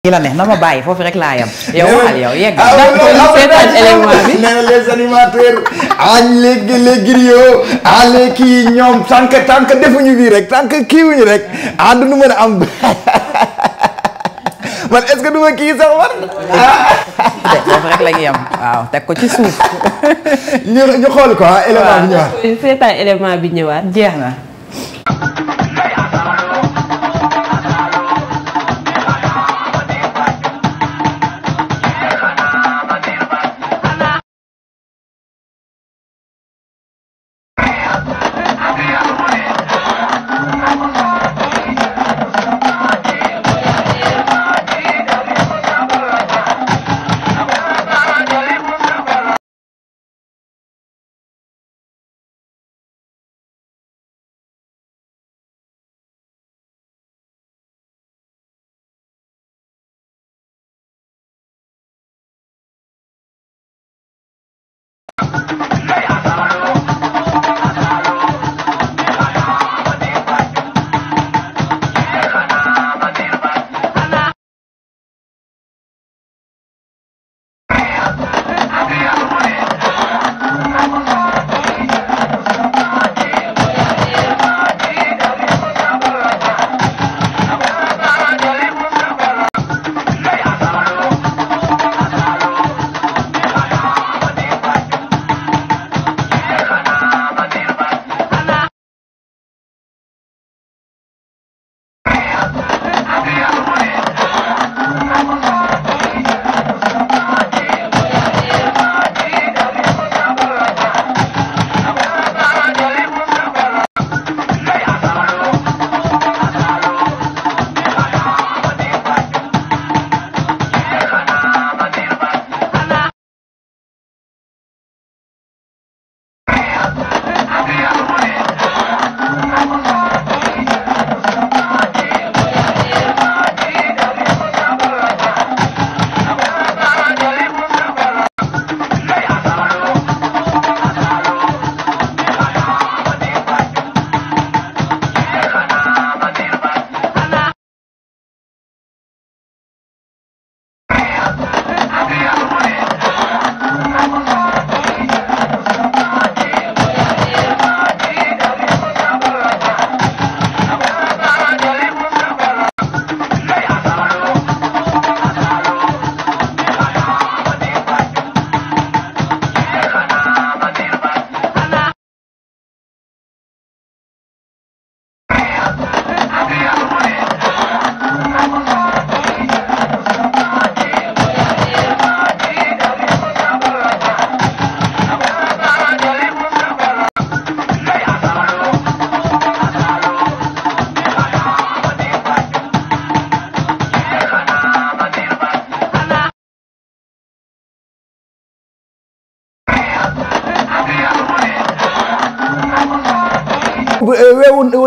yi la neex na ma bàyyi foofu rek laa yam yow waxal yegg ñoom tànk tànk defuñu tànk kiiwuñu rek ah du mën a waaw teg ko ci suuf ñu ñu xool quoi ah, élément bi ñëwaat seetaan élément bi ñëwaat jeex na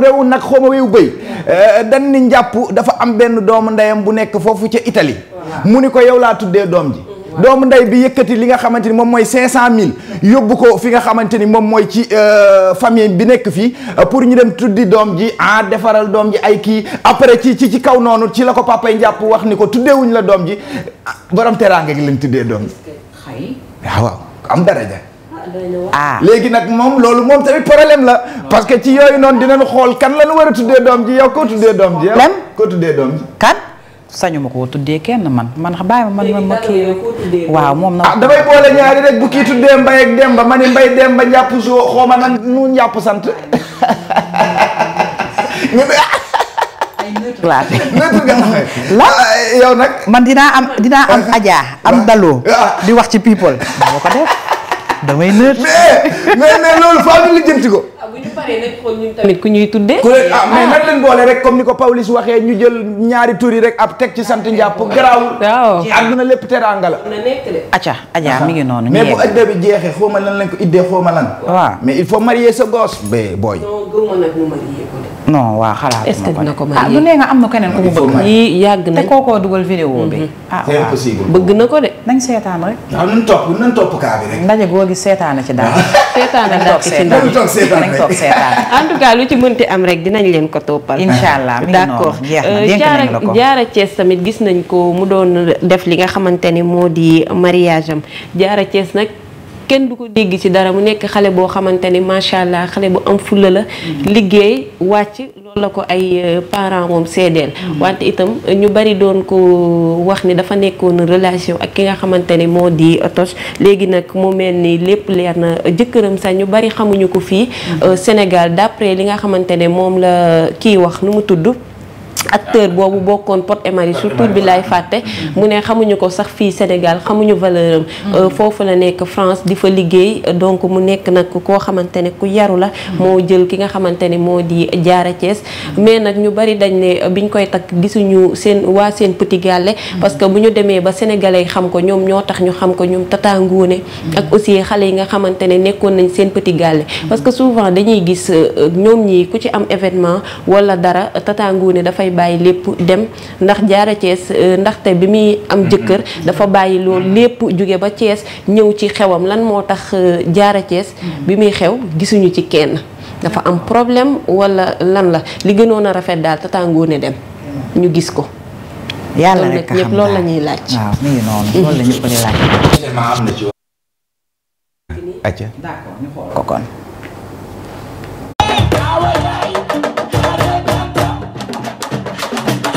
réewu nag xaw ma weewu bëy eh, dan ni njàpp dafa am benn doomu ndeyam bu nekk foofu ci itali mu ni ko yow laa tuddee doom ji doomu ndey bi yëkkati li nga xamante ni moom mooy cinq cent mille yóbbu ko fi nga xamante ni moom mooy ci eh, famille bi nekk fii eh, pour ñu dem tuddi doom ji ah defaral doom ji ay kii après ci ci ci kaw noonu ci la ko papay njàpp wax ni ko tuddeewuñ la doom ji ah, borom teraanga gi lañ tuddee doom ji waaw ah, waaw am daraja Ah. léegi nag moom loolu moom tamit problème la ah. parce que ci yooyu noonu nu xool kan la ñu war a tuddee doom ji yow koo tuddee doom ji yow koo tuddee doom ji ma koo tuddee kenn man man bàyyi ma ma kii waaw moom na ah damay boole ñaari rek bu kii tuddee Mbaye ak Demba ma ni Mbaye Demba soo xooma nan nu sant la ah, yow nag man dinaa am dinaa am ajaa am daloo di wax ci people moo ko def damay nër. mais mais mais loolu faaw ñu lijjanti ko. ah bu ku ñuy tuddee. ku leen a ah, mais ah. nan leen boole rek comme ni ko Pawlish waxee ñu jël ñaari tur rek ab teg ci sant Ndiap ah. garaawul. waaw àdduna lépp teraanga la. na nekk de. acca Adja mi ngi noonu. mais bu adda bi ma lan lañ ko iddee xaw ma lan. mais il foo marier sa gosse. mais booy. non waaw xalaat est ko ah bu nee nga am na keneen ku mu bëgg. yii yàgg nañ te kookoo dugal vidéo bi. Mhm. Ah, bëgg na ko de. nañ seetaan rek. waaw nañ topp nañ kaa bi rek. ndaje goo gi ah. seetaan ci daal. seetaan na daal nañ lu ci mënti am rek dinañ leen ko toppal. incha allah mi ngi d'accord euh, jaara jaara tamit gis nañ ko mu doon def li nga xamante ni moo di mariage am jaara Thiès nag. kenn du ko dégg ci dara mu nekk xale boo xamante ni macha allah xale bu am fulla la liggéey wàcc loolu la ko ay euh, parents moom seedeel wante itam ñu bari doon ko wax ni dafa nekkoon relation ak ki nga xamante ni moo di Toch léegi nag mu mel ni lépp leer na jëkkëram sax ñu bari xamuñu ko fii mm-hmm. euh, Sénégal d'après li nga xamante ne moom la kii wax nu mu tudd acteur boobu bokkoon Pod et Marichou tur bi laay fàtte mu ne xamuñu ko sax fii Sénégal xamuñu valeur mm. euh, foofu la nekk France di fa liggéey donc mu nekk nag koo xamante ne ku yaru la mm. moo jël ki nga xamante ne moo di Diarra Thiès mais nag ñu bari dañ ne euh, biñ koy takk gisuñu seen waa seen petit gàlle mm. parce que bu ñu demee ba sénégalais xam ko ñoom ñoo tax ñu xam ko ñoom Tata Ngoné ak aussi xale yi nga xamante ne nekkoon nañ seen petit gàlle parce que souvent dañuy gis euh, ñoom ñi ku ci am événement bàyyi lépp dem ndax jaara Thiès euh, ndaxte bi muy am mm-hmm. jëkkër dafa bàyyi loolu mm-hmm. lépp jóge ba cees ñëw ci xewam lan moo tax euh, jaara cees mm-hmm. bi muy xew gisuñu ci kenn dafa am problème wala lan la li gënoon a rafet daal tatàngoo ne dem ñu gis ko yàlla rek a loolu la ñuy laaj.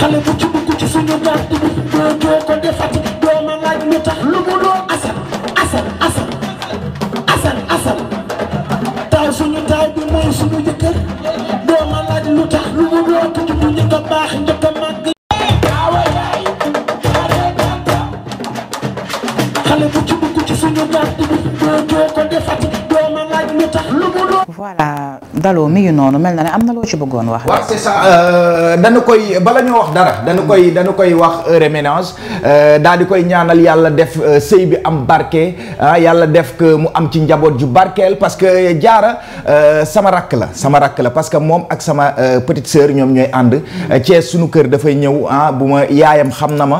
xale bu ci dugg suñu gàtt bi doo doo ko defati doo ma laaj lu tax lu mu doon asan asan tax lu mu doon ko jublu njëkk xale bu ci dugg suñu gàtt bi doo doo ko defati doo ma tax lu mu doon daloo mi ngi noonu mel na ne am na loo ci bëggoon wax. Euh, dana koy bala ñoo wax dara. dana koy dana koy wax heure ménage euh, daal di koy ñaanal yàlla def euh, sëy bi am barke ah, yàlla def que mu am ci njaboot ju barkeel parce que jaara sama rakk la sama rakk la parce que moom ak sama petite sœur ñoom ñooy ànd. Cees sunu kër dafay ñëw ah bu ma yaayam xam na ma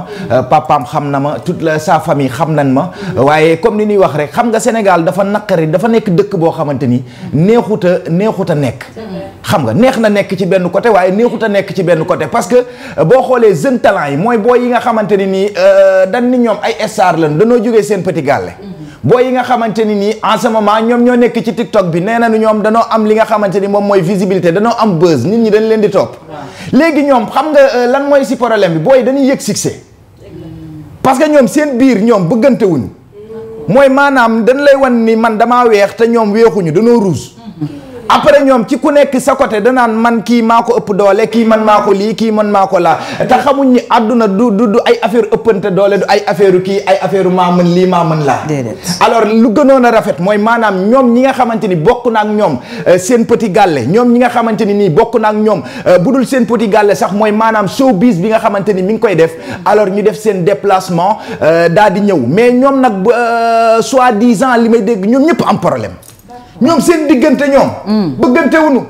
papaam xam na ma tout la sa famille xam nañ ma waaye comme ni ñuy wax rek xam nga Sénégal dafa naqari dafa nekk dëkk boo xamante nekk xam nga neex na nekk ci benn côté waaye neexut a nekk ci benn côté parce que euh, boo xoolee jeune talent yi mooy boo yi nga xamante ni nii euh, dan ni ñoom ay star lañ danoo jógee seen petit gàlle mm-hmm. boo yi nga xamante ni nii en ce moment ñoom ñoo nekk ci TikTok bi nee nañu ñoom danoo am li nga xamante ni moom mooy visibilité danoo am buzz nit ñi dañ leen di topp léegi ñoom xam nga euh, lan mooy si problème bi booy dañuy yëg succès parce que ñoom seen biir ñoom bëggante wuñu mm-hmm. mooy maanaam dañ lay wan ni man damaa weex te ñoom weexuñu danoo rouge après ñoom ci ku nekk sa côté danaan man kii maa ko ëpp doole kii man maa ko lii kii man maa ko laa te xamuñ ni àdduna du du du ay affaire ëppante doole du ay affaire kii ay affaire maa mën lii maa mën laa alors lu gënoon a rafet mooy maanaam ñoom ñi nga xamante ni bokk na ak ñoom euh, seen petit gàlle ñoom ñi nga xamante ni nii bokk na ak ñoom euh, bu dul seen petit gàlle sax mooy maanaam showbiz bi nga xamante ni mi ngi koy def alors ñu def seen déplacement euh, daal di ñëw mais ñoom nag soi-disant li may dégg ñoom ñëpp am problème ñoom seen diggante ñoom. Mm. bëggante wuñu.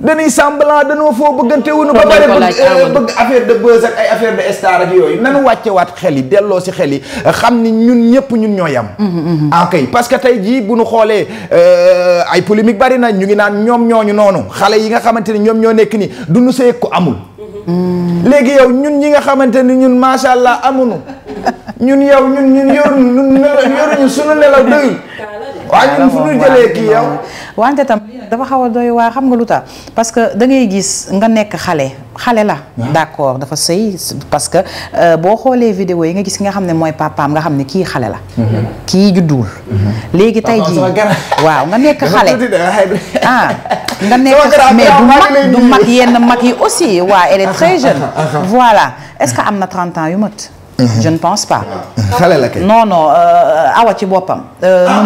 dañuy semblant dañoo foo bëggante wuñu ba pare eh, bëgg affaire de buzz ak ay affaire de star ak yooyu nanu wàccewaat xel yi delloo si xel yi xam ni ñun ñëpp ñun ñoo yam mm-hmm, mm-hmm. ah, ok parce que tey jii bu ñu xoolee euh, ay polémique bari na ñu ngi naan ñoom ñooñu noonu xale yi nga xamante ni ñoom ñoo nekk nii du ñu seeg ko amul mm-hmm. léegi yow ñun ñi nga xamante ni ñun macha allah amuñu ñun yow ñun ñun yoruñu ñun yoruñu suñu nelaw doyul waaw ñun fu xaw a doy waa xam nga lu tax parce que da ngay gis nga nekk xale xale la ah. d'accord dafa sëy parce que euh, boo xoolee vidéo yi nga gis ki nga xam ne mooy papaam nga xam ne kii xale la mhm. kii judduwul mhm. léegi tey jii waaw nga nekk xale ah nga nekk mais du mag du mag yenn mag yi aussi waa elle est ah, très jeune ah, voilà est-ce que am na 30 yu mat je ne pense pas. xale la kay. Euh, ci boppam. Euh, ah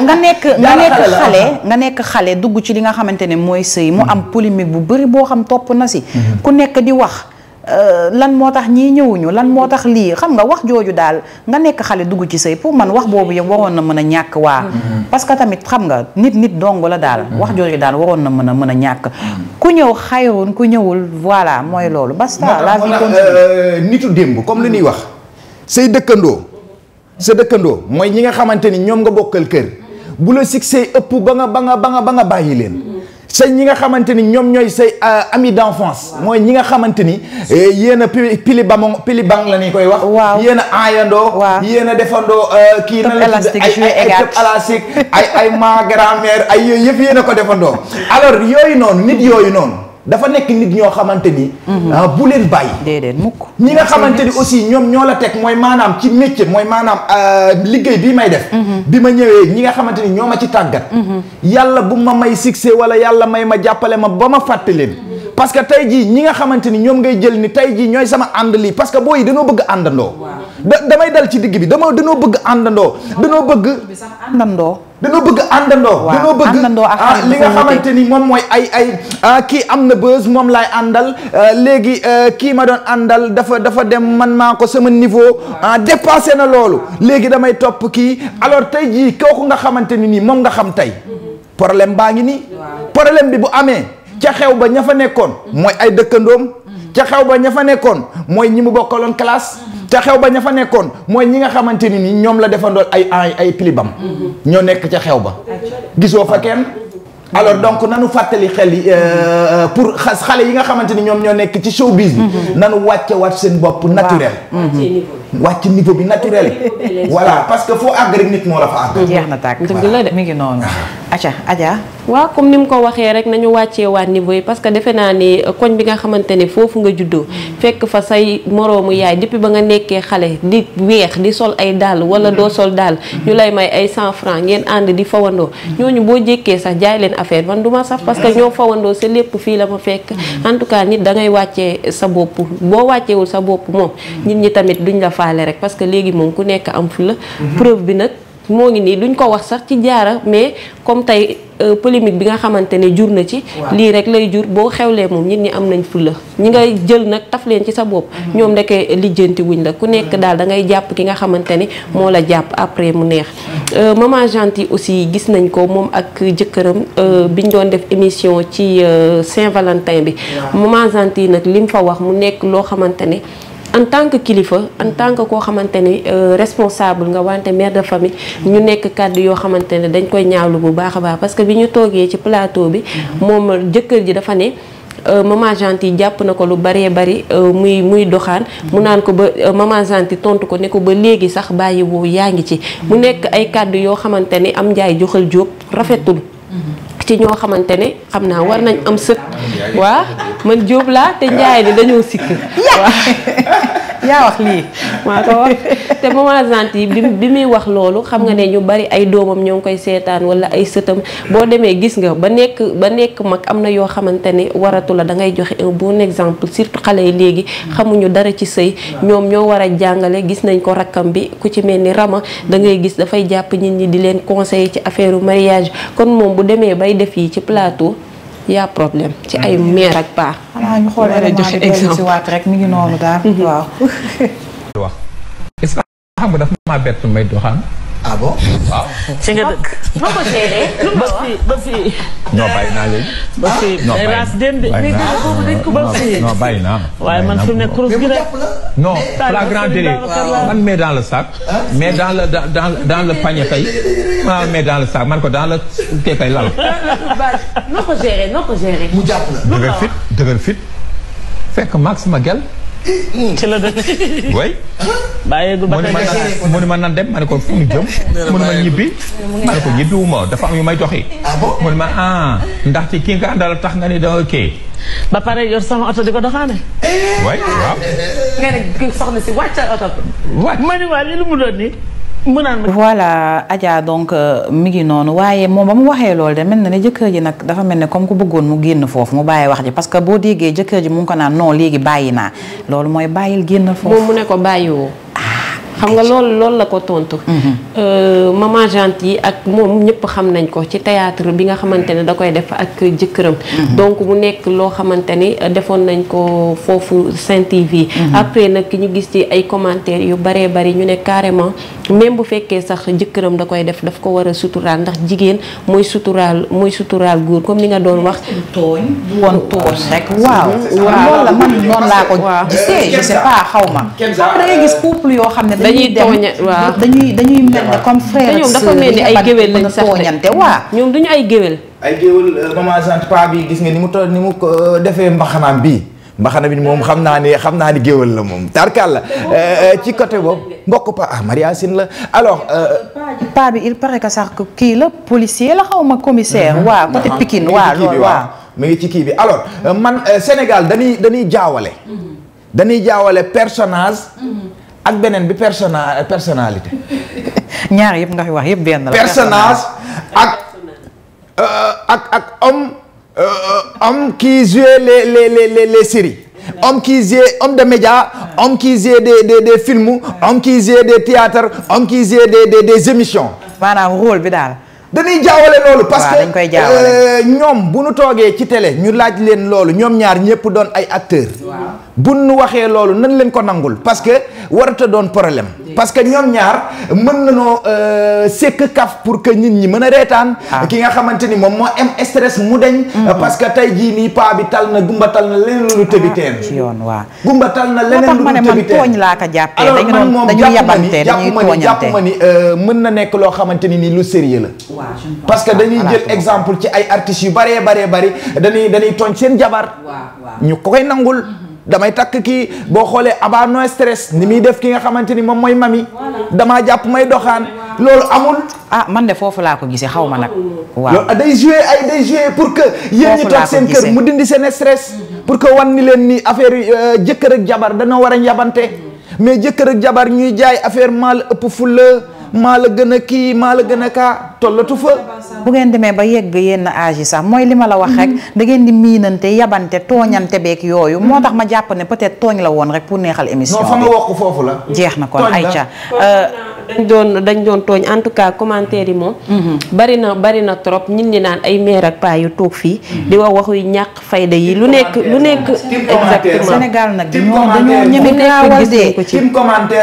nga nekk nga nekk xale nga nekk xale dugg ci li nga xamante ne mooy sëy mu am mm-hmm. polémique bu bari boo xam topp na si. Mm-hmm. ku nekk di wax. Euh, lan moo tax ñii ñëwuñu lan moo tax lii xam nga wax jooju daal nga nekk xale dugg ci sëy pour man wax boobu yëpp waroon na mën a ñàkk waa mm-hmm. parce que tamit xam nga nit nit dong la daal mm-hmm. wax jooju daal waroon na mën a mën a ñàkk mm-hmm. ku ñëw xayrun ku ñëwul voilà mooy loolu basta laa vie continue euh, euh, nitu démb comme li ñuy wax say dëkkandoo sa dëkkandoo mooy ñi nga xamante ni ñoom nga bokkal kër bu la succès ëpp ba nga ba nga ba nga ba nga bàyyi leen sa ñi nga xamante ni ñoom ñooy sa euh, ami d'enfance mooy ñi nga xamante ni eh, yéen a pili bamo pili bang la ni koy wax waaw yéen a aayandoo waaw yéen a defandoo euh, kii na la ay ay tëb ay ay ma grand-mère ay yooyu yëpp yéen a ko defandoo alors yooyu noonu nit yooyu noonu dafa nekk nit ñoo xamante ni. Mhm. Ah, bu leen bàyyi. déedéet mukk ñi nga xamante ni aussi ñoom ñoo la teg mooy maanaam ci métier mooy maanaam euh, liggéey bi may def. Mhm. bi ma ñëwee ñi nga xamante ni ñoo ma ci tàggat. Mhm. yàlla bu ma may succès wala yàlla may ma jàppale ma ba ma fàtte leen. parce que tey jii ñi nga xamante ni ñoom ngay jël ni tey jii ñooy sama ànd lii parce que boo yi dañoo bëgg àndandoo. da damay dal ci digg bi dama dañoo bëgg àndandoo. dañoo bëgg àndandoo. dañoo bëgg àndandoo. dañoo bëgg ah, li nga xamante ni moom mooy ay ay ah, kii am na bës moom laay àndal euh, léegi euh, kii ma doon àndal dafa dafa dem man maa ko sama niveau ah, dépassé na loolu léegi damay topp kii mm-hmm. alors tey jii kooku nga xamante ni nii moom nga xam tey mm-hmm. problème baa ngi nii. problème bi bu amee. ca xew ba ña fa nekkoon mooy ay dëkkandoom ca xew ba ña fa nekkoon mooy ñi mu bokkaloon classe ca xew ba ña fa nekkoon mooy ñi nga xamante ni ni ñoom la defandoon ay ay ay pilibam ñoo nekk ca xew ba gisoo fa kenn alors donc nanu fàttali xel yi euh, pour xale yi nga xamante ni ñoom ñoo nekk ci showbiz bi mhm. nanu wàcce waat seen bopp naturel wàcc mhm. niveau bi naturel voilà parce que foo àgg rek nit moo la fa àgg jeex na tàkk dëgg la de mi ngi aca Adja. waaw comme ni mu ko waxee rek nañu wàccee waat niveau yi parce que defe naa ne euh, koñ bi nga xamante ne foofu nga juddoo fekk fa say moroomu yaay depuis ba nga nekkee xale di weex di sol ay dàll wala mm-hmm. doo sol dàll ñu lay may ay cent franc ngeen ànd di fawandoo mm-hmm. ñooñu boo jekkee sax jaay leen affaire man duma sax parce que mm-hmm. ñoo fawandoo sa lépp fii la ma fekk en tout cas nit dangay ngay wàccee sa bopp boo wàcceewul sa bopp moom nit ñi tamit duñ la faale rek parce que léegi moom ku nekk am fu la preuve bi nag moo ngi nii duñ ko wax sax ci jaara mais comme tey euh, polémique bi nga xamante ne jur na ci. lii rek lay jur boo xewlee moom nit ñi am nañ fulla ñi ngay jël nag taf leen ci sa bopp. Mhm. ñoom ndeke lijjanti wuñ la ku nekk mhm. daal da ngay jàpp ki nga xamante ni moo la jàpp après mu neex. Mhm. Euh, maman Gentil aussi gis nañ ko moom ak jëkkëram euh, bi ñu doon def émission ci Saint-Valentin bi. maman Gentil nag li lim fa wax mu nekk loo xamante ne. en tant que kilifa en mhm. tant que koo xamante ni euh, responsable nga wante mère de famille mhm. ñu nekk kàddu yoo xamante ne dañ koy ñaawlu bu baax a baax parce que bi ñu toogee ci plateau bi mhm. moom jëkkër ji dafa ne euh, maman Gentille jàpp na ko lu baree bari euh, muy muy doxaan mu naan ko ba maman Gentille tontu ko ne ko ba léegi sax bàyyi woo yaa ngi ci mu nekk ay kàddu yoo xamante ni am njaay joxal jóob rafetul ci ñoo xamante ne xam naa war nañ am sët waa man Jóob laa te Njaay li dañoo sikk waa yaa wax lii. maa ko wax te maman Zante bi bi muy wax loolu xam nga ne ñu bari ay doomam ñoo koy seetaan wala ay sëtam boo demee gis nga ba nekk ba nekk mag am na yoo xamante ne waratu la da ngay joxe un bon exemple surtout xale yi léegi. xamuñu dara ci sëy ñoom ñoo war a jàngale gis nañ ko rakkam bi ku ci mel ni rama da ngay gis dafay jàpp nit ñi di leen conseiller ci affaire mariage kon moom bu demee bay def yi ci plateau. y'a problème ci ay mère ak paa. xanaa ngi xool élément si waat rek mi ngi noonu daal mhm. waaw. wax est-ce que xam nga dafa maa bett may doxaan. ah bon waaw. si nga dëkk. boo ko naa léegi. ba fii day raas naa waaye man fi ne kuréel gi rek. non flagrant délit man mais dans le sac. mais dans le dans dans le panier tey. ah mais dans le sac man ko dans le kii lal. noo ko géré noo ko géré. mu jàpp la fit fekk max ma gel ci la doon. way bàyyeegu ba tey mu ne ma nan dem ma ne ko fu mu jëm. ne ma ñibbi. ma ne ko ñibbiwuma dafa am yu may doxi. ah ne ma ah ndax ci kii nga àndal tax nga ni da kii. ba pare yor sama oto di ko doxaane. way eh. nga ne soxna si wàccal oto. waaw ma ne waa lii lu mu doon voilà Adja donc euh, mi ngi noonu waaye moom ba mu waxee loolu de mel na ne jëkkër ji nag dafa mel ne comme ku bëggoon mu génn foofu mu bàyyi wax ji parce que boo déggee jëkkër ji mu ngi ko naan non léegi bàyyi naa loolu mooy bàyyil génn foofu. moom mu ne ko bàyyiwoo. xam nga loolu loolu la ko tontu. Mm-hmm. Euh, maman Gentille ak moom ñëpp xam nañ ko ci théâtre bi nga xamante ne da koy def ak jëkkëram. Mm-hmm. donc mu nekk loo xamante ni euh, defoon nañ ko foofu Sen TV. Mm-hmm. après nag ki ñu gis ci ay commentaires yu baree bari ñu ne carrément même bu fekkee sax jëkkëram da koy def daf ko war a suturaal ndax jigéen mooy suturaal mooy suturaal góor comme ni nga doon wax. tooñ bu woon tooñ waaw waaw man noonu laa ko gisee je sais xaw ma. dañuy dem waaw dañuy dañuy mel ne comme frère. ñoom dafa mel ni ay géwél lañ sax tooñante waa ñoom duñu ay géwél. ay géwél euh, maman sant pa bi gis nga ni mu to ni mu euh, defee mbaxanaam bi mbaxana bi moom xam naa ni xam naa ni géwél la moom tarkal la euh, ci côté boobu mbokk pa ah Maria Sine la alors. pa bi il paraît que sax kii la policier la xaw ma commissaire. Mhm. waa côté ah, Pikine waa loolu mi ngi ci kii bi alors man Sénégal dañuy dañuy jaawale. Mhm. dañuy jaawale personnage. Mhm. ak beneen bi persona personnalité. ñaar yëpp nga fi wax yëpp benn la. personnage ak euh, ak ak homme euh, homme qui joue les les les les séries. homme qui joue homme de média. homme qui joue des des des films. homme qui joue de théâtre homme qui joue des émission des émissions. maanaam rôle bi daal. dañuy jaawale loolu parce que euh, ñoom bu nu toogee ci télé ñu laaj leen loolu ñoom ñaar ñëpp doon ay acteurs bu nu waxee loolu nan leen ko nangul parce que warata doon problème parce que ñoom ñaar mën nanoo euh, sekk kaf pour que nit ñi mën a reetaan ah. ki nga xamante ni moom moo am stress mu deñ mm-hmm. parce que tey jii nii paa bi tal na gumba tal na leneen lu ah, tëbi teen ci yoon waa gumba tal na leneen lu tëbi teen tooñ laa euh, mën na nekk loo xamante ni nii lu sérieux la parce que dañuy jël exemple ci ay artistes yu baree baree bari dañuy dañuy tooñ seen jabar ñu ko koy nangul mm-hmm. damay takk kii boo xoolee aba no stress ni muy def ki nga xamante ni moom mooy mami damaa jàpp may doxaan loolu amul ah man de foofu laa ko gisee xaw ma nag waaw ah, day jouer ay day jouer pour que yéen ñi toog seen kër mu dindi seen stress pour que wan ni leen ni affaire euh, jëkkër ak jabar danoo war a yabante mm. mais jëkkër jabar ñuy jaay affaire mal ëpp fulla maa la gën a kii maa la gën a kaa tollatu fa. bu ngeen demee ba yegg yenn âge yi sax mooy li ma la wax rek mhm. da ngeen di miinante yabante tooñante beek yooyu mhm. moo tax ma jàpp ne peut-être tooñ la woon rek pour neexal émission bi. non foofu la. jeex na kon ay euh, dañ doon dañ doon tooñ en tout cas commentaire yi moom. Mhm. bari na bari na trop ñun ñi naan ay mère ak paa yu toog fii. di wax waxu ñàkk fayda yi lu nekk lu nekk. exactement Sénégal nag ñoom dañoo ñeme. gaawal dee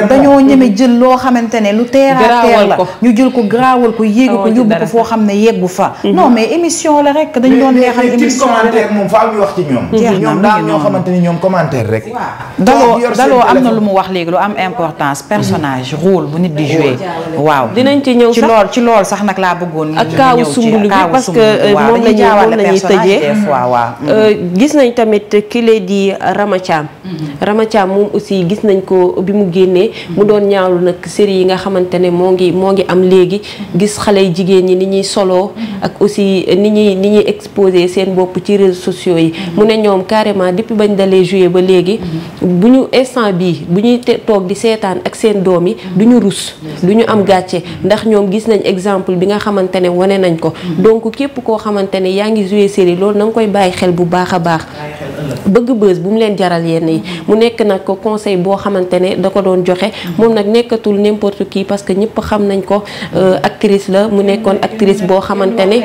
dañoo ñeme jël loo xamante ne lu teeraat graawal ko ñu jël ko graawal ko yéegi ko yóbbu ko foo xam ne yeggu fa mhm. non mais émission la rek dañ doon neexal émission commentaire moom fa am ni ñoom commentaire rek daloo daloo am na lu mu wax léegi lu am importance personnage rôle bu nit di jouer waaw dinañ ci ñëw sax ci lool ci lool sax nag laa bëggoon ak kaawu sumbulu bi parce que euh, moom lañuy moom lañuy tëjee waaw waaw euh, gis nañ tamit ki di Rama Thiam mhm. Rama Thiam moom aussi gis nañ ko bi mu génnee mhm. mu doon ñaawlu nag série yi nga xamante moom moo ngi moo ngi am léegi gis xale yu jigéen ñi ni ñuy soloo ak aussi ni ñuy ni ñuy exposé seen bopp ci réseaux sociaux yi mu ne ñoom carrément depuis bañ dalee jouer ba léegi bu ñu instant bii bu ñuy toog di seetaan ak seen doom yi du ñu rus du ñu am gàcce ndax ñoom gis nañ exemple bi nga xamante ne wane nañ ko donc képp koo xamante ne yaa ngi jouer série loolu na nga koy bàyyi xel bu baax a baax bëgg bës bu mu leen jaral yenn yi mu nekk nag ko conseil boo xamante da ko doon joxe moom nag nekkatul n'importe qui ñëpp xam nañ ko euh, actrice la mu nekkoon actrice boo xamante ne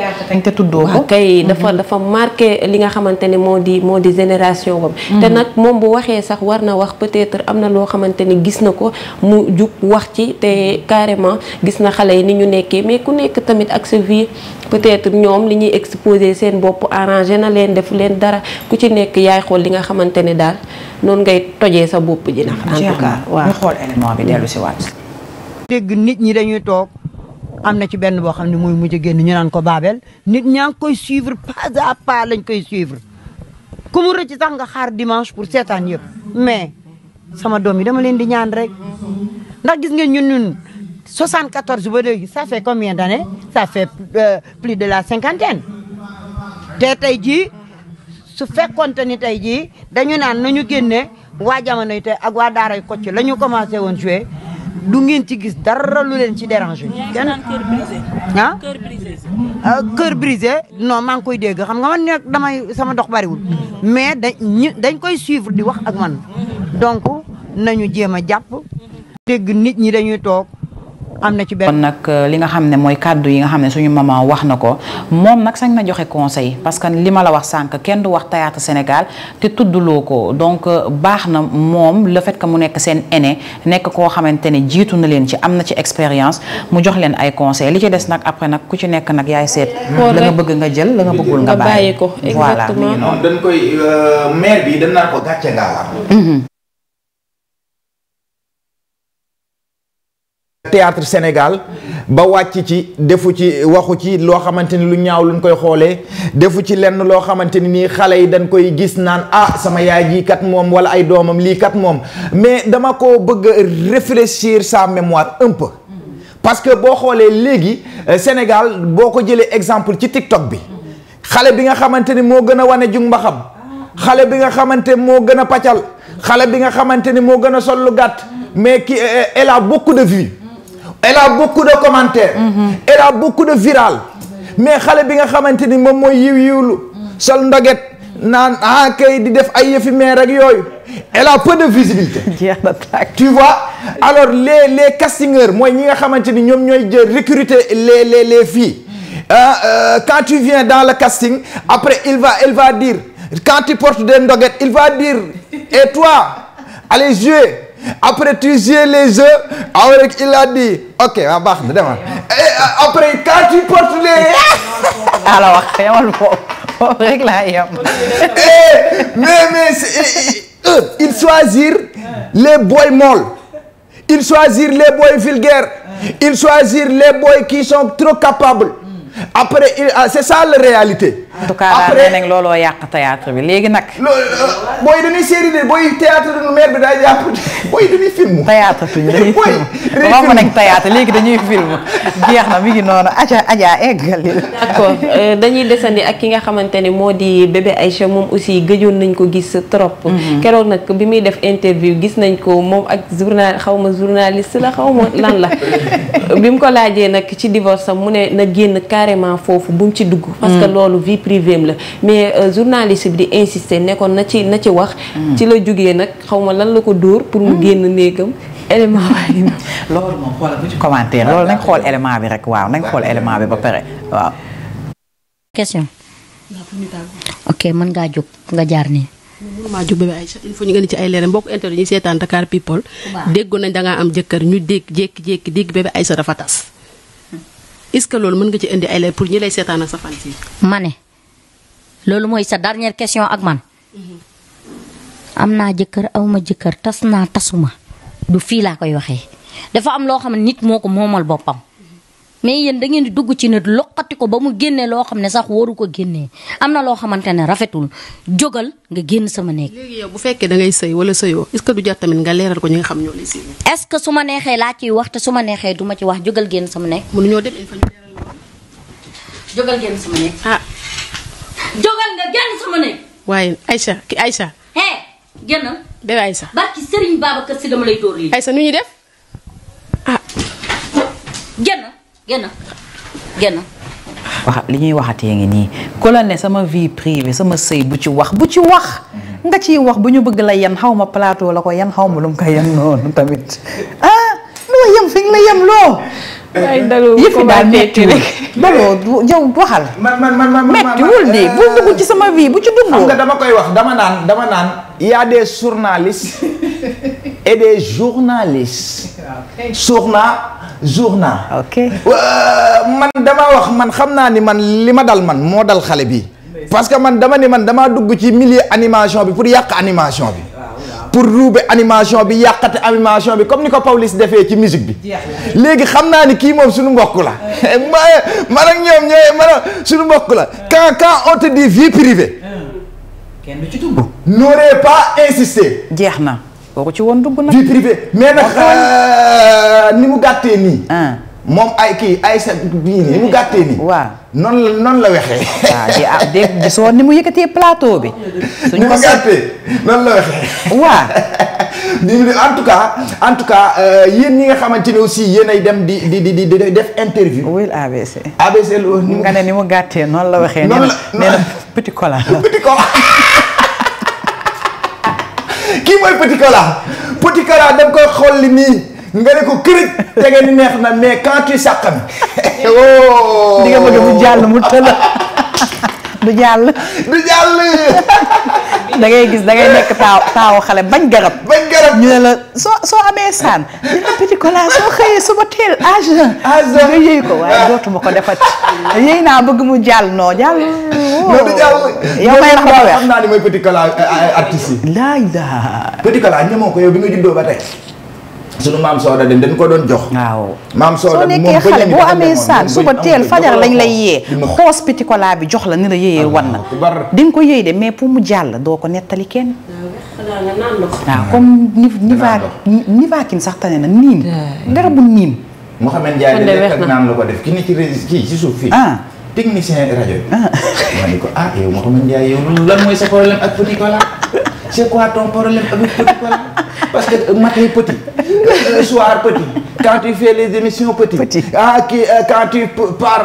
kay mhm. dafa dafa marqué li nga xamante ne moo di moo di génération bam mhm. te nag moom bu waxee sax war na wax peut-être am na loo xamante ne gis na ko mu jug wax ci te carrément gis na xale yi ni ñu nekkee mais ku nekk tamit ak sa vie peut-être ñoom li ñuy exposé seen bopp arrangé na leen def leen dara ku ci nekk yaay xool li nga xamante ne daal noonu ngay tojee sa bopp ji nag en ñu xool élément bi dellu dégg nit ñi dañuy toog am na ci benn boo xam ne mooy mujj génn ñu naan ko Babel nit ñaa ngi koy suivre pas à pas lañ koy suivre ku mu rëcc sax nga xaar dimanche pour seetaan yëpp mais sama doom yi dama leen di ñaan rek ndax gis ngeen ñun ñun 74 ba léegi ça fait combien d'années ça euh, plus de la cinquantaine te tey jii su fekkonte ni tey jii dañu naan nañu génne waa jamonoy tey ak waa daaray Kocc la ñu commencé woon jouer du ngeen ci gis dara lu leen ci déranger. kenn cœur brisé. ah cœur brisé. Ah, cœur brisé non maa ngi koy dégg xam nga man nag damay sama dox bariwul. mais dañ dañ koy suivre di wax ak man. Mm-hmm. donc nañu jéem a jàpp. dégg nit ñi dañuy toog. am na ci benn. kon nag euh, li nga xam ne mooy kàddu yi nga xam ne suñu maman wax na ko moom nag sañ na joxe conseil parce que li ma la wax sànq kenn du wax théâtre Sénégal te tuddloo ko donc euh, baax na moom le fait que mu nekk seen ene nekk koo xamante ne jiitu na leen ci am na ci expérience mu jox leen ay conseil li ci des nag après nag ku ci nekk nag yaay seet. la nga bëgg nga jël la nga bëggul nga bàyyi ko. exactement voilà dañ koy euh, théâtre Sénégal ba wàcc ci defu ci waxu ci loo xamante ni lu ñaaw luñ koy xoolee defu ci lenn loo xamante ni nii xale yi dañ koy gis naan ah sama yaay jii kat moom wala ay doomam lii kat moom mais dama ko bëgg réfléchir sa mémoire un peu parce que boo xoolee léegi euh, Sénégal boo ko jëlee exemple ci TikTok bi xale bi nga xamante ni moo gën a wane jumbaxam xale bi nga xamante moo gën a pàccal xale bi nga xamante ni moo gën a sol lu gàtt mais qui euh, elle a beaucoup de vues elle a beaucoup de commentaires. Mm-hmm. elle a beaucoup de viral. mais xale bi nga xamante ni moom mooy yiw yiwlu. sol ndoget naan ah kay di def ay yëfi mais ak yooyu. elle la peu de visibilité. tu vois alors les les castingeurs mooy ñi nga xamante ni ñoom ñooy jël recruter les les les filles. Ah, euh, quand tu viens dans le casting après il va elle va dire quand tu portes des ndoguettes il va dire et toi allez jouer après tu joues les jeux aw rek il a dit ok ah, baax na demal euh, après quand tu portes les alors wax yamal foofu mais mais ils choisir les boys molles ils choisir les boys vulgaires ils choisir les boys qui sont trop capables après ah, c'est ça la réalité en tout cas daal looloo yàq théâtre bi léegi nag. booy dañuy série de booy film. théâtre léegi dañuy film jeex na mi ngi noonu aja aja eggalil. d'accord euh, dañuy desandi ak ki nga xamante ni moo di bébé Aïcha moom aussi gëjoon nañ ko gis trop. Mhm. keroog nag bi muy def interview gis nañ ko moom ak journal xaw ma journaliste la xaw ma lan la bi mu ko laajee nag ci divorce sax mu ne na génn carrément foofu bu mu ci dugg. parce mhm. loolu vie privé am la mais euh, journaliste bi di insisté nekkoon na ci na ci wax. Hmm. ci la jugee nag xaw ma lan la ko dóor. pour mu hmm. génn néegam élément waaye. loolu xool élément bi rek waaw nañ xool élément bi ba pare waaw. question. ok mën ngaa jóg nga jaar nii. maa jub bébé Aïcha il faut ñu gën ci ay leeral mbokk internet ñi seetaan Dakar People. déggoon nañ da ngaa am jëkkër ñu dégg jékki-jékki dégg bébé sa dafa tas. Hmm. est-ce que loolu mën nga ci indi ay leeral pour ñi lay seetaan ak sa fan si. ma ne. loolu mooy sa dernière question ak man. am naa jëkkër awma jëkkër tas naa tasuma du fii laa koy waxee dafa am loo xam ne nit moo ko moomal boppam. mais yéen da ngeen dugg ci nit loqati ko ba mu génne loo xam ne sax waru ko génnee am na loo xamante ne rafetul jógal nga génn sama néeg. léegi yow bu fekkee da ngay wala sëyoo est-ce tamit nga leeral ko ñi nga xam ñoo est-ce que su ma neexee laa ciy wax te su ma neexee duma ci wax jógal génn sama néeg. mënuñoo dem jógal nga génn sama néeg. waaye Aïcha ki Aïcha. hee génnal. bébé Aïcha. barki Serigne Babacar si dama lay dóor lii. Aïcha nu ñuy def ah. génn génn li ñuy waxatee ngi nii ku la ne sama vie privée sama sëy bu ci wax bu ci wax mhm. nga ciy wax bu ñu bëgg la yan xaw ma plateau la ko yan xaw ma lu mu ko yan noonu tamit ah loo yem fi nga la yem loo. ay eh, daloo yëfi daal méttiwul daloo du yow waxal. man man man man méttiwul de eh, bu dugg ci sama vie bu ci dugg. xam nga dama koy wax dama naan dama naan. y a des journalistes et des journalistes. journa journa. ok euh, man dama wax man xam naa ni man li ma dal man moo dal xale bi. parce que man dama ni man damaa dugg ci milieu animation bi pour yàq animation bi. pour ruube animation bi yàqate animation bi comme ni ko Pawlish defee ci musique bi léegi xam naa ni kii moom suñu mbokk la maye man ak ñoom ñooy man suñu mbokk la quand quand on te dit vie privée kenn du ci dugg n'aurait pas insisté jeex na boo ko ci woon dugg nag vie privée mais nag euh, ni mu gàttee nii moom ay kii ay sa bii ni mu gàttee nii. waaw noonu la noonu la waxee. waaw di ah soo ni mu yëkkatee plateau bi. suñ ko gàttee noonu la waxee. waaw. en tout cas en tout cas euh, yéen ñi nga xamante ne aussi yéen ay dem di di di def interview. wuyul ABC. ABC loolu. nga ne ni mu gàttee noonu la waxee. noonu la nee na petit cola la. petit cola kii koy xool nii. nga ne ko kërëj te nga ni neex na mais quand tu sàq bi oh. nga bëgg bu jàll mu tëla du jàll. du jàll. da ngay gis da ngay nekk taaw taawu bañ garab. bañ garab ñu ne la soo soo amee saan. dina petit cola soo xëyee suba yëy ko waaye dootuma ko defati. yëy naa bëgg mu jàll noo jàll. non du jàll. yow may rax ba weex xam naa ne ma petit cola euh, euh, artiste yi. laaj daal. petit ñemoo ko yow bi nga juddoo ba tey. sunu maam Sooda dem dañ ko doon jox. waaw maam Sooda moom soo nekkee xale boo amee saan suba teel fajar lañ lay yee. ko laa bi jox la ni la yéyee wan na. di nga ko yéy de mais pour mu jàll doo ko nettali kenn. waaw comme ni ni va ni vaakin sax tane na niim. dara bu niim. Mouhamed Ndiaye de lekk ak naan la ko def ki ne ci résist kii ci suuf fii. Ah. technicien rajo bi. ma ne ko ah yow Mouhamed Ndiaye yow lan mooy sa problème ak Petit Cola c'est quoi ton problème avec Petit Cola parce que eh, matin petit eh, soir petit quand les émissions petit. petit ah kii eh, quand ah. tu pars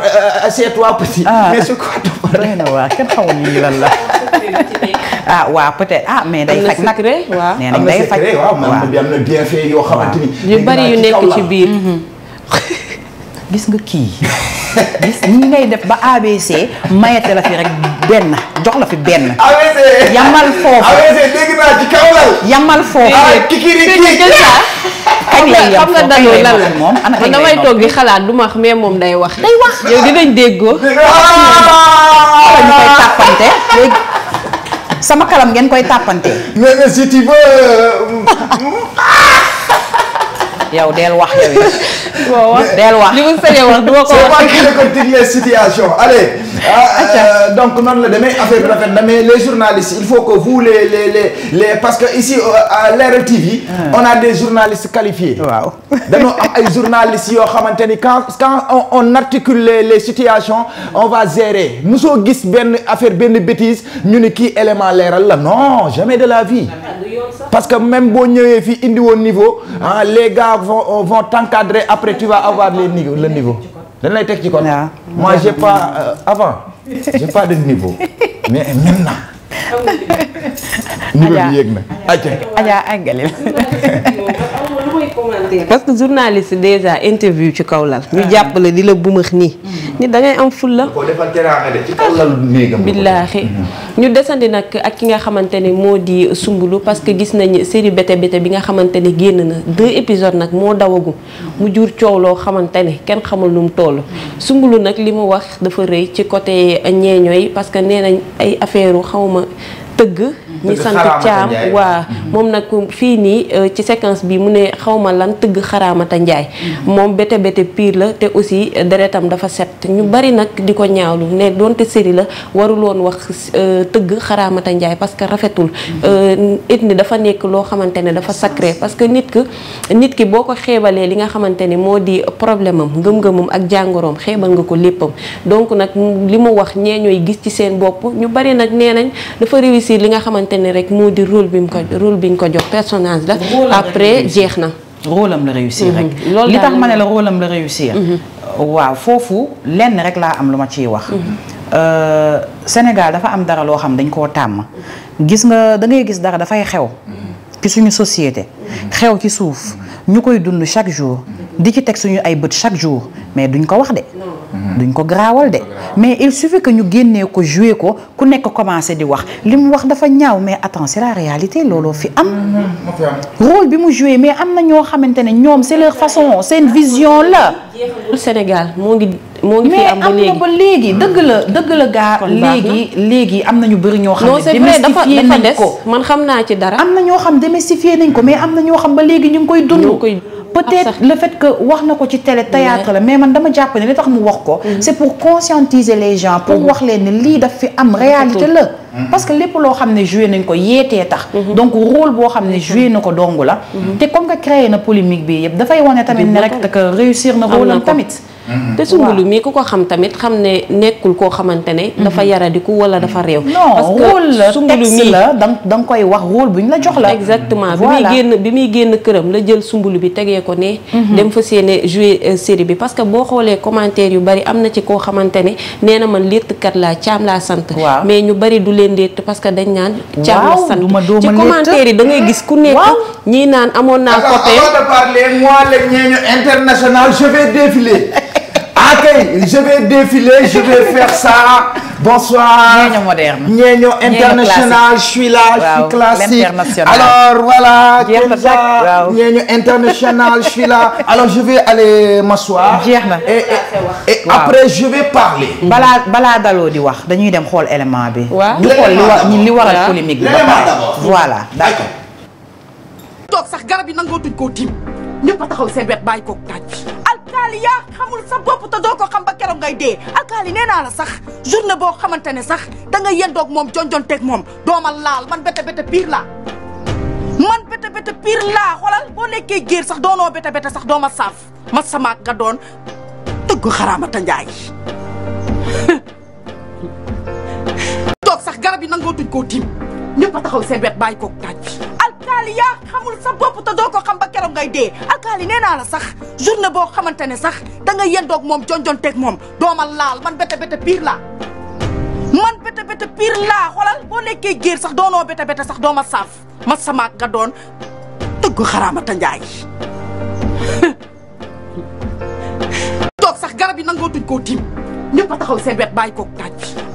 c'est petit. mais c'est quoi ton problème. na waa kenn xamul nii la. ah nag waaw nee nañ day faj waaw yoo xamante ni. yu bari yu nekk ci biir. gis nga kii. gis ñi ngay def ba ABC mayete la fi rek benn jox la fi benn. ABC yamal foofu ABC dégg naa ci kaw lal. yamal foofu ah kañ lay yem foofu kañ lay yem moom damay toog xalaat du ma wax mais moom day wax. day wax yow dinañ déggoo. ah ñu sama kalam ngeen koy tàppante. yow del wax yow yi. waaw wax del wax li mu sëñee wax du ma ko wax. c'est moi qui décortique les situations allez. ah euh, donc noonu la demee affaire bi rafet na mais les journalistes il faut que vous les les les les parce que ici euh, à Leral TV. Ah. on a des journalistes qualifiés. waaw dañoo am ay journalistes yoo xamante ni quand quand on on articule les les situations on va gérer mosoo gis benn affaire benn bêtise ñu ni kii élément leeral la non jamais de la vie. parce que même boo ñëwee fii indi woon niveau ah les gars vont euh, vont t'encadrer après tu vas avoir les niveau le niveau dañ lay teg ci kon moi j'ai pas euh, avant j'ai pas de niveau mais maintenant niveau bi yéeg na aja commentaire parce que journaliste déjà interview ci kaw lal ñu jàppale di la bumax nii. ni da ngay am fulla. ci kaw mhm. ñu desandi nag ak ki nga xamante ne moo di sumbulu parce que gis nañ série bété bété bi nga xamante ne génn na de épisodes nag moo dawagu mu jur coow loo xamante ne kenn xamul nu mu sumbulu nag li mu wax dafa rëy ci côté ñeeño yi parce que nee nañ ay affaire xawma tëgg. ñi sant caam waa mm-hmm. moom nag fii nii euh, ci séquence bi mu ne xawma lan tëgg xaraamata njaay mm-hmm. moom bété bete piir la te aussi deretam dafa set ñu bari nag di ko ñaawlu ne doonte série la waruloon wax euh, tëgg xaraamata njaay parce que rafetul mm-hmm. euh, ni dafa nekk loo xamante ne dafa sacré parce que nit ki nit ki boo ko xeebalee li nga xamante ne moo di problème am ngëm-ngëmam ak jàngoroom xeebal nga ko léppam donc nag li mu wax ñee ñooy gis ci seen bopp ñu bari nag nee nañ dafa réussir xamante ne rek moo di rôle bi mu ko rôle bi ñu ko jox personnage la après jeex na rôle am la réussir rek mhm. li tax ma ne la rôle am la réussir mhm. waaw foofu lenn rek laa am lu ma ciy wax mhm. euh, Sénégal dafa am dara loo xam dañ koo tàmm gis nga da ngay gis dara dafay xew ci suñu societé xew ci suuf ñu koy dund chaque jour di ci teg suñu ay bët chaque jour mais duñ ko wax de duñ ko garaawal de mais il suffit que ñu génnee ko jouer ko ku nekk commencé di wax li mu wax dafa ñaaw mais attends c'est la réalité looloo fi am rôle bi mu joué mais am na ñoo xamante ne ñoom c'est leur façon seen vision la Sénégal moo ngi moo ngi fi am am na ba léegi dëgg la dëgg la gaa léegi léegi am na ñu bëri ñoo xam ne démystifié nañ ko man xam naa ci dara am na ñoo xam démystifié nañ ko mais am na ñoo xam ba léegi ñu ngi koy dund peut-être le fait que wax na ko ci télé théâtre la mais man dama jàpp ne li tax mu wax ko mm-hmm. c'est pour conscientiser les gens pour mm-hmm. wax leen ne lii daf fi am réalité la Mm-hmm. parce que lépp loo xam ne joué nañ ko yeetee tax. Mm-hmm. donc rôle boo xam ne joué na ko mm-hmm. dong la. te comme que créé na polémique bi yëpp dafay wane tamit ne rek que na rôle am tamit. te ko xam tamit xam ne nekkul koo xamante ne. dafa yaradiku wala dafa réew. parce que sungulu mii non la da nga koy wax rôle buñ la jox la. exactement bi muy génn bi muy génn këram la jël sumbulu bi tegee ko ne. dem fa seen jouer euh, série bi parce que boo xoolee commentaire yu bari am na ci koo xamante ne nee na man léttkat laa caam laa sant. mais ñu bari du leen leen létt parce que dañ naan. waaw ci commentaire yi da ngay gis ku nekk. ñii naan amoon naa côté. avant de parler moi le ñeeñu international je vais défiler. ah kay je vais défiler je vais bonsoir ñeeño moderne ñeeño international je suis là je suis classique alors voilà comme ça ñeeño international je suis là alors je vais aller m'asseoir jeex na et après je vais parler balaa balaa daloo di wax dañuy dem xool élément bi ñu xool li waral polémique bi d'abord voilà d'accord toog sax garab yi nangootuñ koo tiim ñëpp a taxaw seen wet bàyyi ko taaj bi alkaali yaa xamul sa bopp te doo ko xam ba keroog ngay dee alkaali nee naa la sax journée boo xamante ne sax da nga yendoog moom jonjonteeg moom dooma laal man bete bete pire laa man bete bete pire laa xoolal boo lekkee géer sax doonoo bete bete sax dooma saaf ma samaak nga doon tëgg xaraamata njaay toog sax garab yi nangootuñ koo tiim ñëpp a taxaw seen baay bàyyi koog taaj bi alkaali yaa xamul sa bopp ta doo ko xam ba keroog ngay dee alkaali nee naa la sax journée boo xamante ne sax da nga yendoog moom jonjon teg moom dooma laal man bete bete pire laa man bete bete pire laa xoolal boo lekkee géer sax doonoo bete bete sax dooma saaf ma samaak nga doon tëgg xaraamata njaay toog sax garab yi nangootuñ koo tiim ñëpp a taxaw wet bàyyi koog taaj bi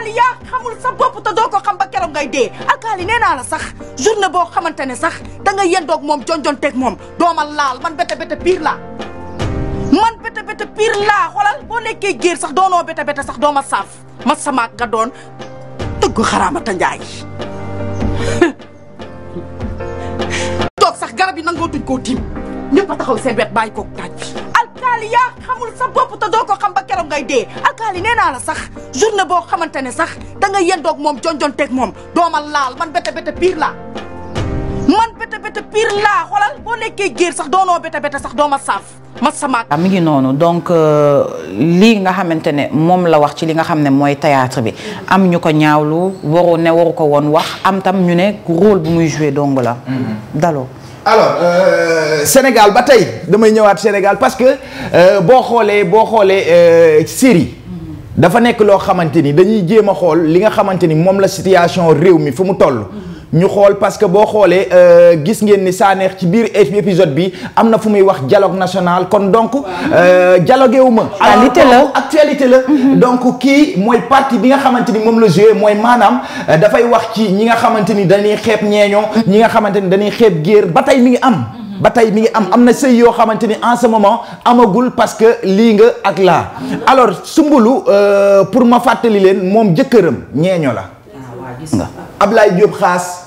alkaali yaa xamul sa bopp te doo ko xam ba keroog ngay dee alkaali nee naa la sax journée boo xamante ne sax da nga yendoog moom jonjonteeg moom dooma laal man bete bete pire laa man bete bete pire laa xoolal boo lekkee géer sax doonoo bete bete sax dooma saaf ma sama ka doon tëgg xaraamata njaay toog sax garab yi nangootuñ koo tiim ñëpp a taxaw seen wet bàyyi koog taaj bi alkaali yaa xamul sa bopp te doo ko xam ba keroog ngay dee alkaali nee naa la sax journée boo xamante ne sax da yendoog moom jonjonteeg moom doomal laal man bete bete pire laa man boo nekkee géer sax doonoo bete bete sax dooma saaf ma sama mi ngi noonu donc euh, lii nga xamante ne moom la wax ci li nga xam ne mooy théâtre bi am ñu ko ñaawlu waru ne waru ko woon wax am tam ñu ne rôle bu muy joué dong la mm-hmm. daloo alors euh, Sénégal ba tey damay ñëwaat Sénégal parce que euh, boo xoolee boo xoolee euh, Syrie dafa nekk loo xamante ni dañuy jéem a xool li nga xamante ni moom la situation réew mi fu mu toll. ñu xool parce que boo xoolee euh, gis ngeen ni Sanex ci biir épisode bi am na fu muy wax dialogue national kon donc euh, dialogue wu ma actualité la actualité la mm-hmm. donc kii mooy parti bi nga xamante ni moom la joué mooy maanaam euh, dafay wax ci ñi nga xamante ni dañuy xeeb ñeeñoo ñi nga xamante ni dañuy xeeb géer ba tey mi ngi am mm-hmm. ba tey mi ngi am am na sëy yoo xamante ni en ce amagul parce que lii nga ak laa mm-hmm. alors sumbulu pour ma fàttali leen moom jëkkëram ñeeño la ah, Ablaye Diop xaas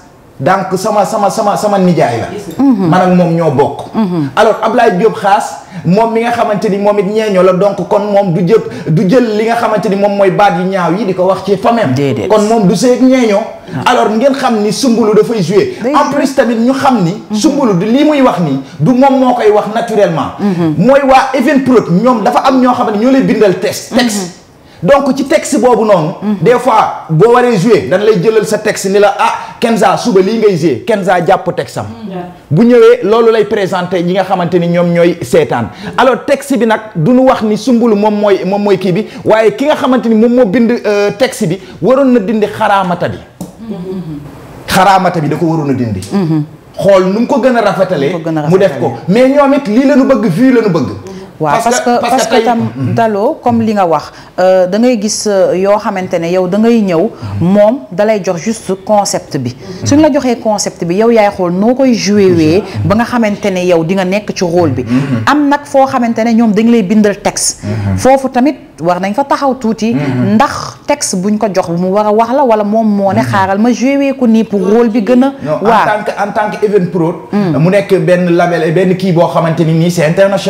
donc sama sama sama sama nijaay la. Mhm. man ak moom ñoo bokk. Mhm. alors Ablaye Diop xaas moom mi nga xamante ni moom it ñeeñoo la donc kon moom du jëp jël li nga xamante ni moom mooy baat yu ñaaw yi di ko wax ci famem kon moom du seeg ñeeñoo. Ah. alors ngeen xam ni sumbulu dafay jouer en plus tamit ñu xam ni. Mhm. sumbulu du lii muy wax nii du moom moo koy wax naturellement. mooy waa Evenprod ñoom dafa am ñoo xam ne ñoo lay bindal test texte. donc ci texte boobu noonu. Mhm. des fois boo waree jouer dañ lay jëlal sa texte ni la ah kenn saa suba lii ngay kenn saa jàpp texte am. Mhm. bu ñëwee loolu lay présenté ñi nga xamante ni ñoom ñooy seetaan. Mhm. alors texte bi nag du ñu wax ni sumbulu moom mooy moom mooy kii bi waaye ki nga xamante ni moom moo bind euh, texte bi waroon na dindi xaraamata bi. xaraamata bi da ko waroon a dindi. xool nu mu ko gën a rafetalee. mu def ko mais ñoom it lii la bëgg fii la ñu bëgg. waaw parce que parce que tam mm-hmm. daloo comme li nga wax euh, da ngay gis euh, yoo xamante ne yow da ngay ñëw mm-hmm. moom dalay jox juste concept bi mm-hmm. suñ la joxee concept bi yow yaay xool noo koy joué ba nga xamante ne yow di nga nekk ci rôle bi am nag foo xamante ne ñoom dañ lay bindal texte foofu tamit war nañ fa taxaw tuuti ndax texte buñ ko jox bu mu war a wax la wala moom moo ne xaaral ma joué ko nii pour rôle bi gën a waaw en tant que en tant mm. mu nekk benn label benn kii boo xamante ni nii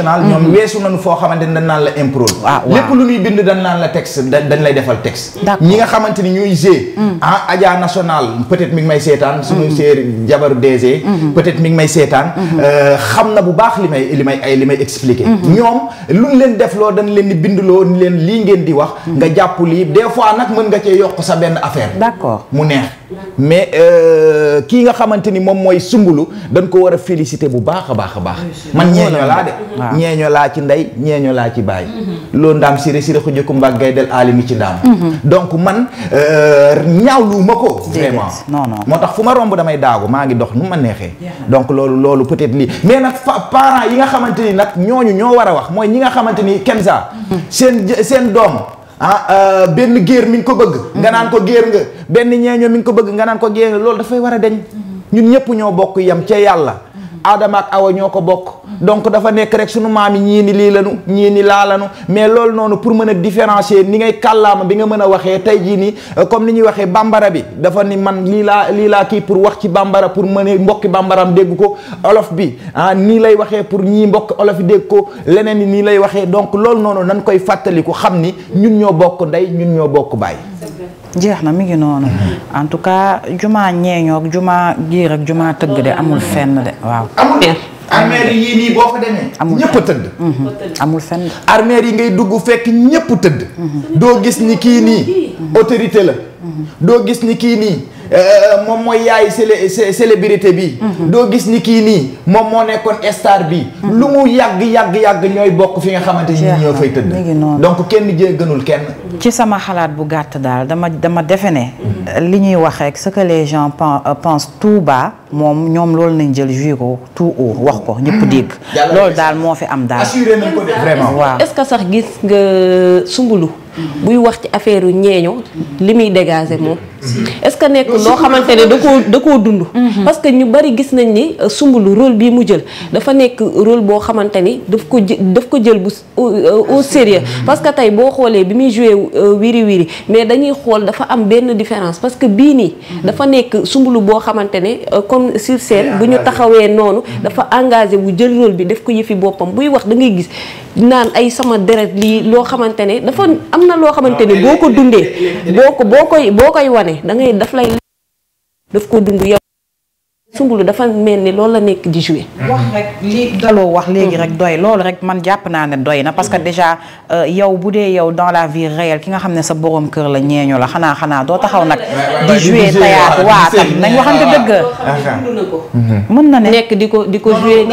weesu nañu foo xamante ni dañ naan la impro ah, waaw lépp lu ñuy bind dañ naan la texte dañ lay defal texte ñi nga xamante ni ñuy g mm. ah Adja National peut-être mi ngi may seetaan suñu mm-hmm. séer jabaru DG mm-hmm. peut-être mi ngi may seetaan mm-hmm. euh, xam na bu baax li may li may ay li may expliquer ñoom luñ leen def loo dañ leen di bindloo leen lii ngeen di wax nga jàpp lii des fois nag mën nga cee yokk sa benn affaire d'accord mu mais euh, kii nga xamante ni moom mooy sungulu dañ ko war a féliciter bu baax a baax a baax man ñeeño laa de ah. ñeeño laa ci ndey ñeeño laa ci baay mhm. loolu ndaam siré si xujju ko mbag gay del aalimi ci ndaam mhm. donc man euh, ñaawlu ma ko vraiment non non moo tax fu ma romb damay daagu maa ngi dox nu ma neexee donc loolu loolu peut-être lii mais nag parents yi nga xamante ni nag ñooñu ñoo war a wax mooy ñi nga xamante ni Kenza mhm. seen seen doom ah euh, benn géer mi ngi ko bëgg nga naan ko géer nga benn ñeeño mi ngi ko bëgg nga naan ko géer nga loolu dafay war a deñ mhm. ñun ñëpp ñoo bokk yem ca yàlla aadama ak awa ñoo ko bokk donc dafa nekk rek suñu maam yi ñii ni lii lanu ñii ni laa lanu mais loolu noonu pour mën a différencier ni ngay kàllaama bi nga mën a waxee tey jii nii euh, comme ni ñuy waxee bambara bi dafa ni man lii laa lii laa kii pour wax ci bàmbara pour mën mbokki bambaram dégg ko olof bi ah nii lay waxee pour ñii mbokk olof yi dégg ko leneen ni nii lay waxee donc loolu noonu nañ koy fàttaliku xam ni ñun ñoo bokk ndey ñun ñoo bokk baay jeex na mu ngi noonu. Mm-hmm. en tout cas juma ñeeñoo ak juma ak juma tëgg de amul fenn de waaw. amul armeer yii nii boo fa demee. amul ñëpp tëdd. Mm-hmm. amul fenn. armeer yi ngay dugg fekk ñëpp tëdd. Mm-hmm. doo gis ni kii nii autorité la. doo gis ni kii nii. Euh, moom mooy yaay célé célébrité bi. Mhm. doo gis ni kii nii moom moo nekkoon star bi. Mhm. lu mu yàgg yàgg yàgg ñooy bokk fi nga xamante ni ñoo fay tëdd. donc kenn jë gënul kenn. ci sama xalaat bu gàtt daal dama dama defe ne. Mhm. li ñuy wax rek ce que les gens euh, pensent tout bas moom ñoom loolu nañ jël jugé ko tout haut wax ko ñëpp dégg. loolu daal moo fi am daal. vraiment. waaw est-ce que sax gis nga sungulu buy wax ci affaire yu ñeeño li muy dégager moom. est-ce que nekk loo xamante ne da koo da koo dund. Mhm. parce que ñu bari gis nañ ni euh, Soumboulou rôle bii mu jël. dafa nekk rôle boo xamante ni daf ko daf ko jël bu euh, au sérieux mhm. parce que tey boo xoolee bi muy joué euh, wiri wiri mais dañuy xool dafa am benn différence parce que bii nii. Mhm. dafa nekk Soumboulou boo xamante ne comme sur bu ñu taxawee noonu. dafa engagé bu jël rôle bi daf ko yëfi boppam buy wax da ngay gis. naan ay sama deret lii loo xamante ne dafa am na loo xamante ne ah, boo ko dundee boo ko boo koy boo koy wanee da ngay daf lay daf koo dund yow Soumboulou dafa mel ni loolu la nekk di jouer. daloo wax léegi rek doy loolu rek man jàpp naa ne doy na parce que déjà euh, yow bu dee yow dans la vie réelle ki nga xam ne sa borom kër la ñeeñu la xanaa xanaa doo taxaw nag. di na ne nekk di ko di ko waaw.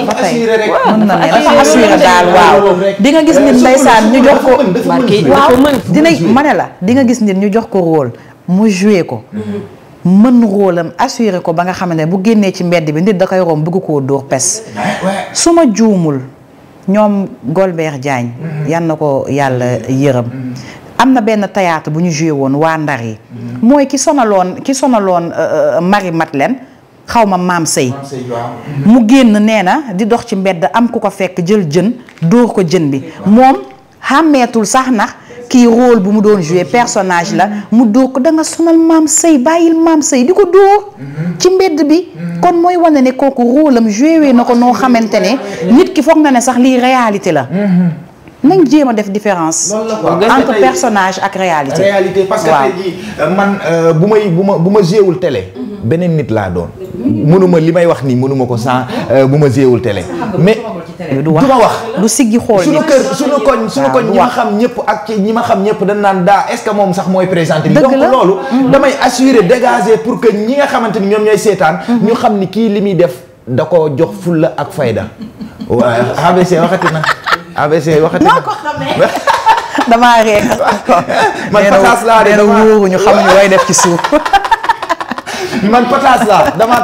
di nga gis dina ma la di nga gis nit ñu jox ko rôle mu jouer ko. Mhm. mën rôlam assuré ko ba nga xam ne bu génnee ci mbedd bi nit da koy romb bëgg koo dóor pes su ma juumul ñoom golbeer Diagne mm-hmm. yan na ko yàlla yërëm mm-hmm. am na benn théâtre bu ñu joué woon waa Ndar yi mm-hmm. mooy ki sonaloon ki sonaloon euh, euh, Marie leen xaw ma maam sëy mu génn nee na di dox ci mbedd am ku ko fekk jël jën dóor ko jën bi moom xàmmeetul sax na kii rôle bu mu doon jouer personnage la mu doo ko da nga sonal maam sëy bàyyil maam sëy di ko doo ci mbedd bi kon mooy wane ne kooku rôle am joué na ko noo xamante ne nit ki foog na ne sax lii réalité la nañ jéem a def différence. entre personnage ak réalité. réalité parce que tey jii euh, euh, bu may bu ma bu ma jéewul télé. Mhm. beneen nit laa doon. mënuma li may wax nii mënuma ko sans euh, bu ma jéewul télé. mais du ma wax du siggi xool suñu kër suñu koñ suñu ah, ñi ma xam ñëpp ak ñi ma xam ñëpp dañ naan daa est-ce que moom sax mooy présenté bi donc loolu mhm. damay assurer dégager pour que ñi nga xamante ni ñoom ñooy seetaan mhm. ñu xam ni kii li muy def da ko jox fulla ak fayda waaw ABC waxati na ABC ah, waxati. noo ko xamee. damaa réer. man pataas laa dama def ci suuf. man pataas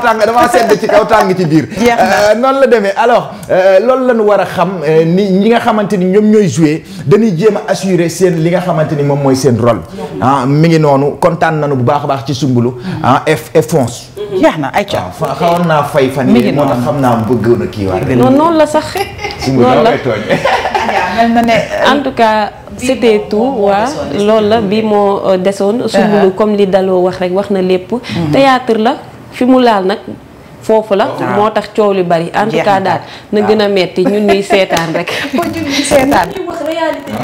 tàng dama sedd ci kaw tàng ci biir. Euh, noonu la demee alors euh, loolu la ñu war a xam euh, ni ñi nga xamante ni ñoom ñooy joué dañuy jéem a assuré seen li nga xamante ni moom mooy seen role ah mi ngi noonu kontaan nañu bu baax a baax ci sumbulu. ah F et fonce. jeex na ayca waaw ah, xawoon naa fay fan. mi ngi noonu moo tax xam naa bëgg kii waat. noonu la sax. noonu la Euh, en tout cas c'était tout waa loolu la bi moo euh, desoon uh-huh. sumbulu comme li daloo wax rek wax na lépp mm-hmm. théâtre la fi mu laal nag foofu la moo tax coow lu bari en tout daal na gën a metti ñun ñuy seetaan rek seetaan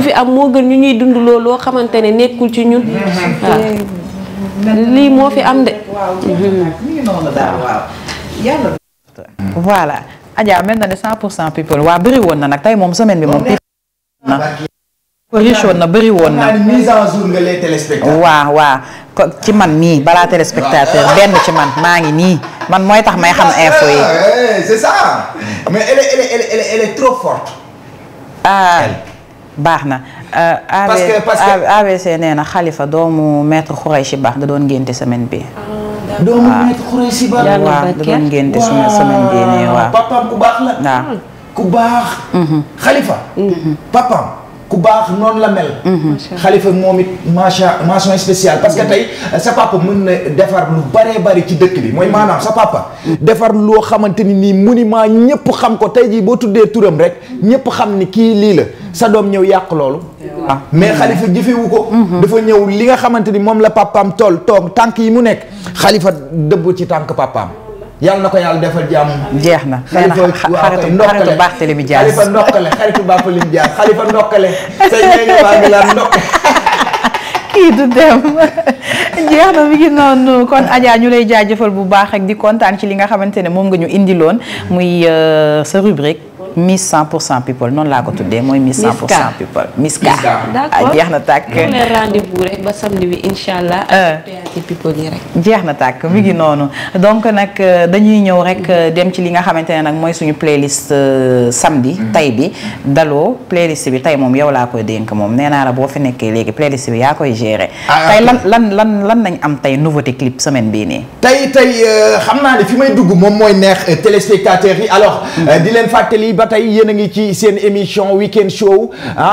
fi am moo gën ñu ñuy dund loolu loo xamante ne nekkul ci ñun mm-hmm. eh, lii moo fi am de mm-hmm. voilà Adja mel na ne 100 pour cent people waa bëri na nag tey moom semaine bi moom richoon na bëri woon na ci man nii balaa téléspectateur benn ci man maa ngi nii man mooy tax may xam ah, info yi eh, c'est ah, baax na euh, parce ABC nee na xalifa doomu maître Khoureychi baax da doon ngénte semaine bi ah, doomu maître da doon ngénte semaine bi nii waaw papaam ku baax. xalifa. papaam ku baax noonu la mel. xalifa moom it mention mention spéciale parce que tey sa papa mën na defar lu baree bari ci dëkk bi mooy maanaam sa papa. defar loo xamante ni nii monument ñëpp xam ko tey jii boo tuddee turam rek ñëpp xam ni kii lii la sa doom ñëw yàq loolu. ah mais xalifa jëfewu ko. dafa ñëw li nga xamante ni moom la papaam tool toog tànk yi mu nekk xalifa dëbb ci tànk papaam. yàlla na ko yàlla defal jàmm. jeex na xaritu xaritu Barthélémy Dias xalifa ndokkale xaritu Barthélémy Dias xalifa ndokkale sëñ Ndeye Ba ngi laa ndokk. kii du dem jeex na mi ngi noonu kon Adja ñu lay jaajëfal bu baax ak di kontaan ci li nga xamante ne moom nga ñu indiloon muy euh, sa rubrique. Miss 100 pour cent people noonu laa ko tuddee mooy. people Miss ah, K. Euh. jeex na tàkk. mi ngi noonu donc nag euh, dañuy ñëw rek euh, dem ci li nga xamante ne nag mooy suñu playlist samedi. Mm-hmm. tay bi daloo playlist bi tay moom yow laa koy dénk moom nee naa boo fi nekkee léegi playlist bi yaa koy gérer. Ah, ah. tay lan lan lan lan nañ am tay nouveauté clip semaine bii nii. tay tay xam naa ne fi may dugg moom mooy neex téléspectateurs yi mm-hmm. di leen fàttali ba tey yéen a ngi ci seen émission weekend show